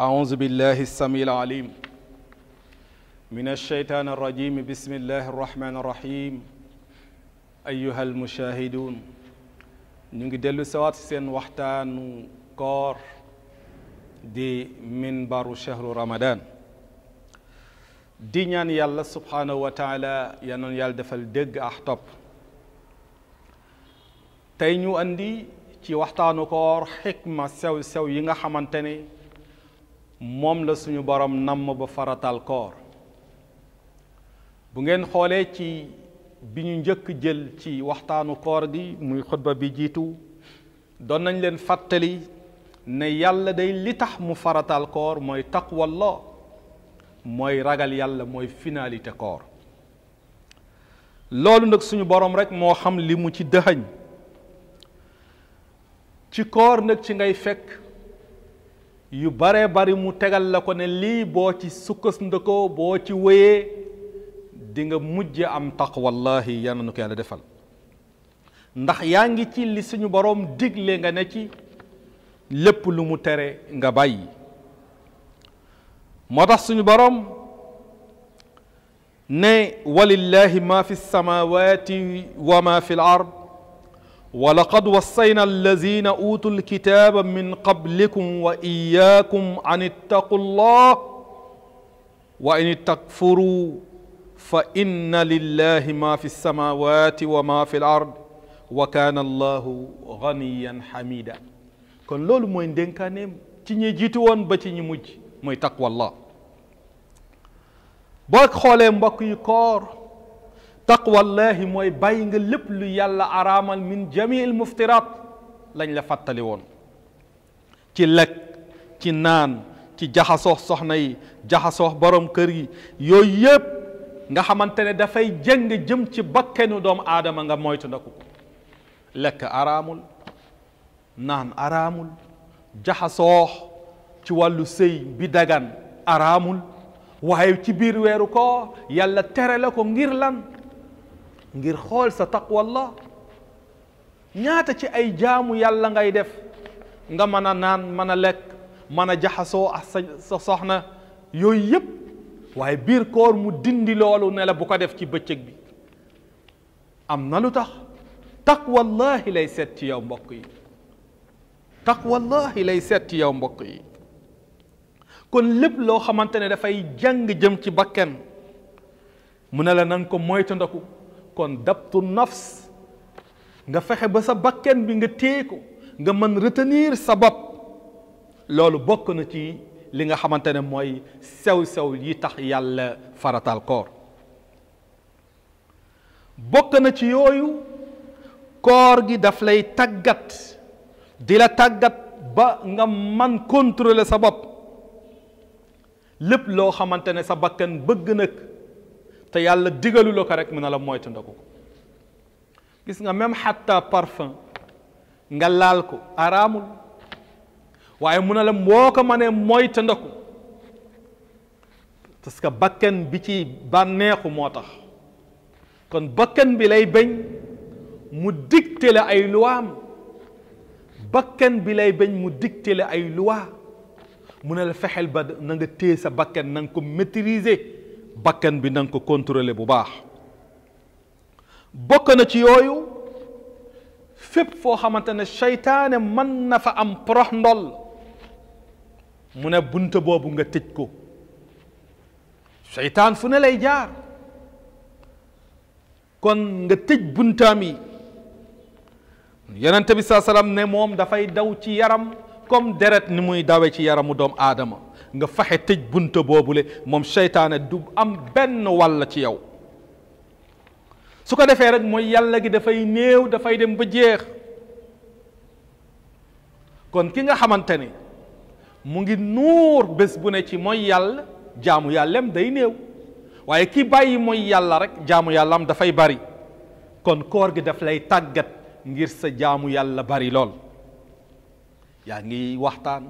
أعوذ بالله السميع العليم من الشيطان الرجيم بسم الله الرحمن الرحيم أيها المشاهدون ñu ngi dellu sawaat seen waxtaanu koor di minbaru shahru ramadan di ñaan yàlla subhanahu wa taala yanoon yàlla defal dégg ah topp tay ñu andi ci waxtaanu koor xikma sew sew yi nga xamante ne moom la suñu borom namm ba faratal koor bu ngeen xoolee ci bi ñu njëkk jël ci waxtaanu koor di muy xutba bi jiitu don nañ leen fàttali ne yàlla day li tax mu faratal koor mooy taqwallah mooy ragal yàlla mooy finalité koor loolu nag suñu borom rek moo xam li mu ci dëxañ ci koor nag ci ngay fekk yu bare bari mu tegal la ko ne lii boo ci sukkandikoo boo ci wéyee dinga mujj am taq wallahi yal na defal ndax yaa ngi ci li suñu boroom digle nga ne ci lépp lu mu tere nga bàyyi moo tax suñu boroom ne walillahi ma fi samawati wa ma fi ard ولقد وصينا الذين أوتوا الكتاب من قبلكم وإياكم أن اتقوا الله وإن تكفروا فإن لله ما في السماوات وما في الأرض وكان الله غنيا حميدا كن لول موي كانيم ci ñi jiitu woon ba ci ñi mujj muy taqwallah boo xoolee mbokk yi koor تقوى mooy bàyyi nga lépp lu yàlla araamal min jamiil muftiraat lañ la fàttali woon ci lekk ci naan ci jaxasoo soxna yi jaxasoo borom kër yi yooyu yëpp nga xamantene da fay jëng jëm ci bakkenu dom aadama nga moytu ndaku lek aramul nan aramul araamul ci walu sëy bi dagan aramul waye ci bir weru ko yàlla tere lako ngir lan ngir xol sa allah ñaata ci ay jaamu yàlla ngay def nga mën a naan mën a lekk mën sa soxna yoy yep waye bir koor mu dindi loolu ne la bu ko def ci beccëk bi am na lu tax lay seet ci yow mbokk yi taqwallahi lay seet ci yow mbokk yi kon lépp lo xamantene da fay jàng jëm ci bakken mu ne la nan ko moytandaku kon dabtu nafs nga fexe ba sa bakken bi nga téye ko nga mën retenir sa bopp loolu bokk na ci li nga xamante ne mooy sew-sew yi tax yàlla faratal koor bokk na ci yooyu koor gi daf lay tàggat di la tàggat ba nga man contrôler sa bopp lépp loo xamante ne sa bakken bëgg nag te yàlla digalu la ko rek mu ne la moytu ndogu ko gis nga même xatta parfum nga laal ko araamul waaye mu ne la moo ko mënee moytu ndogu parce que bakken bi ci bànneexu moo tax kon bakken bi lay bañ mu dicté la ay luwaam bakken bi lay bañ mu dicté la ay loi mu ne la fexeel ba na nga téye sa bakken na nga ko maîtriser bakkan bi nang ko contrôler bu baax bokk na ci yooyu fépp foo xamante ne seytaane mën na fa am prox ndol mu ne bunt boobu nga tëj ko seytaan fu ne lay jaar kon nga tëj buntaam yi yonente bi saa salaam ne moom dafay daw ci yaram comme deret ni muy dawe ci yaramu doomu aadama nga fexe tëj bunte bobule mom shaytané du am ben wàll ci yow su ko defee rek moy yàlla gi new da fay dem ba jeex kon ki nga xamante mu ngi nuur bés bu ne ci moy yàlla jaamu yàllam day new waye ki bàyyi moy yàlla rek jaamu yàllam fay bari kon koor gi da lay tagat ngir sa jaamu yàlla bari lol yaa ngi waxtaan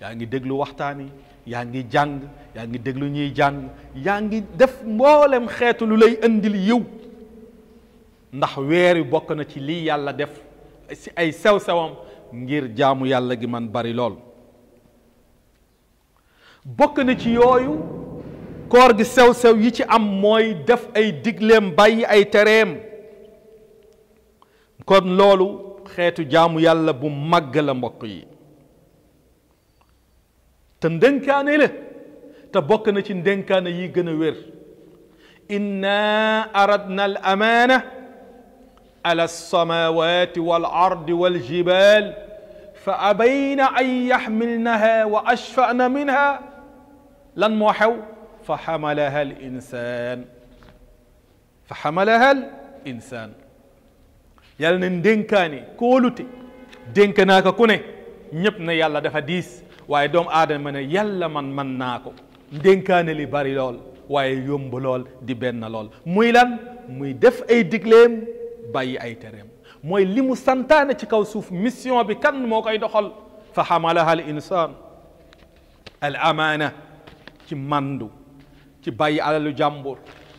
yaa ngi déglu waxtaan yaangi jàng yaangi déglu ñuy jàng yaangi def mboolem xeetu lu lay andil yow ndax wér yu bokk na ci li yàlla def si ay sew-sewam ngir jaamu yàlla gi man bari lool bokk na ci yooyu koor gi sew-sew yi ci am mooy def ay digleem bàyyi ay tereem kon loolu xeetu jaamu yàlla bu màgg la mbokk yi te ndënkaane la te bokk na ci ndënkaane yi gën a wér inna aradna al amaana ala alsamawati wal ardi wal jibal fa abayna an yaxmilnaha wa ashfana minha lan moo xew fa xamalaha al insan fa xamalaha al insan yàlla ne ndénkaane kóolute dénk naa ko ku ne ñépp ne yàlla dafa diis waaye doomu aadama ne yàlla man man naa ko ndénkaane li bari lool waaye yomb lool di benn lool muy lan muy def ay digleem bàyyi ay tereem mooy li mu santaane ci kaw suuf mission bi kan moo koy doxal fa xamalaha al insan al amaana ci mandu ci bàyyi alalu jàmbur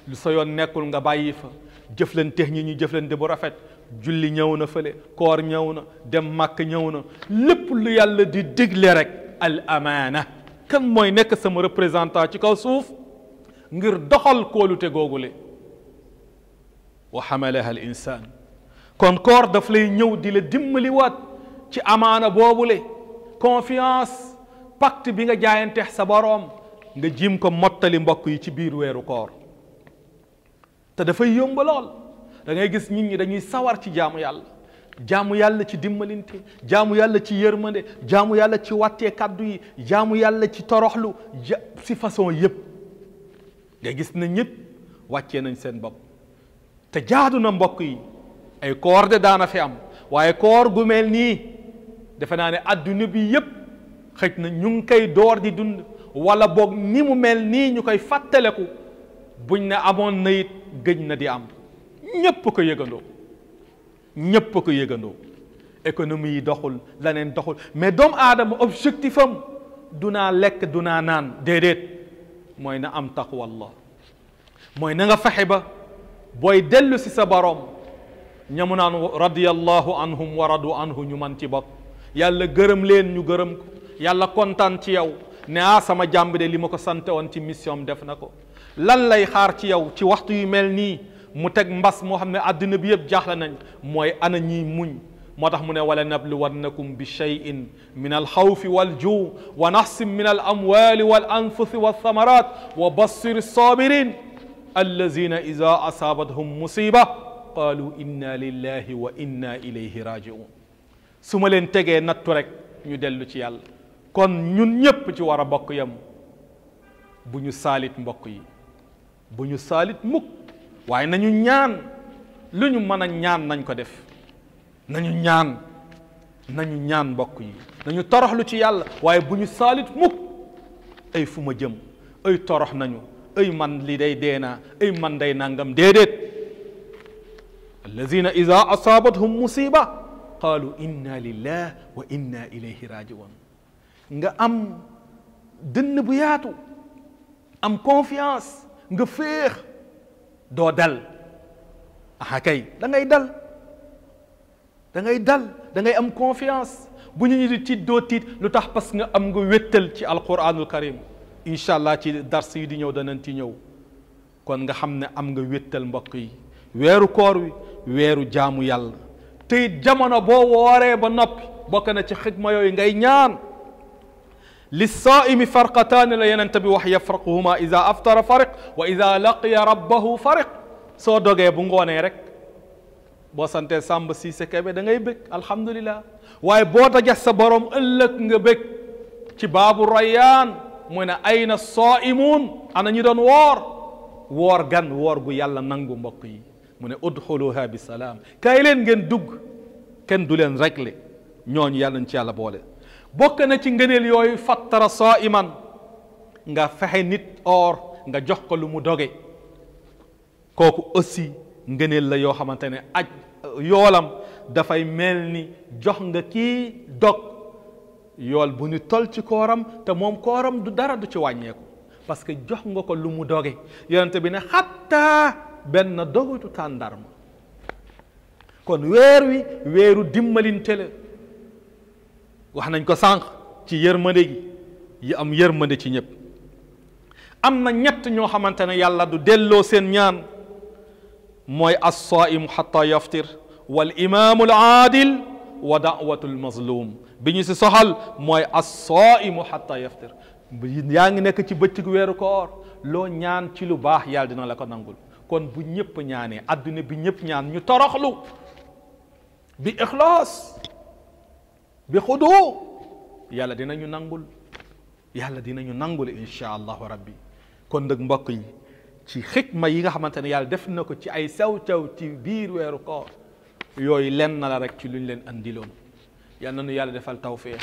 lu sa yoon nekkul nga bàyyi fa jëflante ñi ñu jëflante bu rafet julli ñëw na fële koor ñëw na dem màkk ñëw na lépp lu yàlla di digle rek al amaana kan mooy nekk sama représentant ci kaw suuf ngir doxal kóolute googule wa xamalaha al insaan kon koor daf lay ñëw di la dimbaliwaat ci amaana boobule confiance pacte bi nga jaayanteex sa boroom nga jiim ko mottali mbokk yi ci biir weeru koor te dafay yomb lool da gis nit ñi dañuy sawar ci jaamu yàlla jaamu yàlla ci dimbalinte jaamu yàlla ci yërmande jaamu yàlla ci wàttee yi jaamu yàlla ci toroxlu ja si façon yëpp nga gis na ñépp wàccee nañ seen bopp te jaadu na mbokk yi ay koor de daana fi am waaye koor gu mel nii defe naa ne adduna bi yëpp xëj na ñu ngi koy door di dund wala boog ni mu mel nii ñu koy fàttaleku buñ ne amoon na it gëj na di am ñëpp ko yëgandoo ñépp a ko yëgandoo économie yi doxul leneen doxul mais doomu aadama objectif am du naa lekk du naa naan déedéet mooy na am taqwallah mooy na nga fexe ba booy dellu si sa boroom ñamu naan radiyallahu anhum wa radu anhu ñu man ci bokk yàlla gërëm leen ñu gërëm ko yàlla kontaan ci yow ne ah sama jàmb de li ma ko sante woon ci mission def na ko lan lay xaar ci yow ci waxtu yu mel nii mu tek mbass mo xamne aduna bi yeb jaxla nañ moy ana ñi muñ motax mu ne wala nablu wanakum bi shay'in min al khawfi wal ju wa nahsim min alamwali walanfusi walthamarat wa bassir sabirin allazina ida asaabathum musiba qaalu inna lillahi wa inna ilayhi rajiun su ma leen tegee nattu rek ñu dellu ci yàlla kon ñun ñépp ci war a bokk yam bu ñu saalit mbokk yi bu ñu saalit mukk waaye nañu ñaan lu ñu mën a ñaan nañ ko def nañu ñaan nañu ñaan mbokk yi nañu toroxlu ci yàlla waaye bu ñu saalit mukk ay fu ma jëm ay torox nañu ay man li day deena ay man day nangam déedéet alladina iza asaabathum musiba qalu inna lillah wa inna ilayhi rajiun nga am dënn bu yaatu am confiance nga féex doo dal aha kay dangay dal da ngay dal da am confiance bu ñu di tiit doo tiit lu tax parce que nga am nga wéttal ci alquranul karim incha allah ci dars yi di ñëw danañ ci ñëw kon nga xam ne am nga wéttal mbokk yi weeru koor wi weeru jaamu yàlla te it jamono boo wooree ba noppi bokk na ci xikma yooyu ngay ñaan للصائم فرقتان لا ينتبه يفرقهما إذا أفطر فرق وإذا لقي ربه فرق soo dogee bu ngoonee rek boo santee Samba Cissé Kébé da ngay bëgg alhamdulilah waaye boo daje sa borom ëllëg nga bëgg ci baabu rayaan mu ne ayna saimun ana ñu doon woor woor gan woor gu yàlla nangu mbokk yi mu ne udxuluha bi salaam ngeen dugg kenn du leen réglé ñooñu yàlla ci yàlla boole بوك نا سي ngëneel يوي فطر صائما nga fexe nit or nga jox ko lu mu doge koku aussi ngeenel la yo xamantene aj yolam da fay melni jox nga ki dog yol bu ñu tol ci koram te mom koram du dara du ci wàññeeku parce que jox nga ko lu mu doge yonent bi ne ben dogu tu tàndarma kon wër wi wëru dimmalinte la wax nañ ko sànq ci yërmande gi yi am yërmande ci ñëpp am na ñett ñoo xamante ne yàlla du delloo seen ñaan mooy assaimu xata yaftir wal imaamu al aadil wa dawatu al mazlum bi ñu si soxal mooy assaimu xata yaftir yaa ngi nekk ci bëccëg weeru koor loo ñaan ci lu baax yàlla dina la ko nangul kon bu ñëpp ñaanee adduna bi ñëpp ñaan ñu toroxlu bi ixlaas bi xudu yàlla dinañu nangul yàlla dinañu nangul insha allahu rabbi kon nag mbokk yi ci xikma yi nga xamante ne yàlla def na ko ci ay sew-sew ci biir weeru koor yooyu lenn la rek ci lu ñu leen andiloon yal nu yàlla defal tawfeex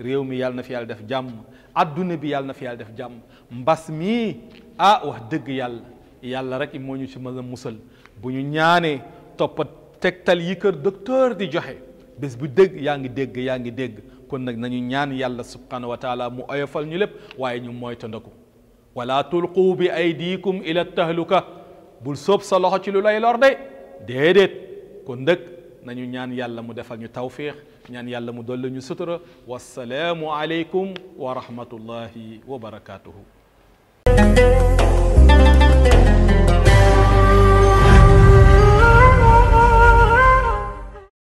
réew mi yàlla na fi yàlla def jàmm adduna bi yàlla na fi def jàmm mbas mii ah wax dëgg yàlla yàlla rek moo ñu ci mën musal bu ñu ñaanee toppat tegtal yi kër docteur di joxe bés bu deug yaangi deug yaangi deug kon nak nañu ñaan yàlla subhanahu wa taala mu oyofal ñu lépp waye ñu moy tandaku wala tulqu bi aydikum ila tahluka bul sop sa loxo ci lu lay lor de dedet kon nak nañu ñaan yàlla mu defal ñu tawfiq ñaan yàlla mu dolli ñu sutura wassalamu alaykum wa rahmatullahi wa barakatuh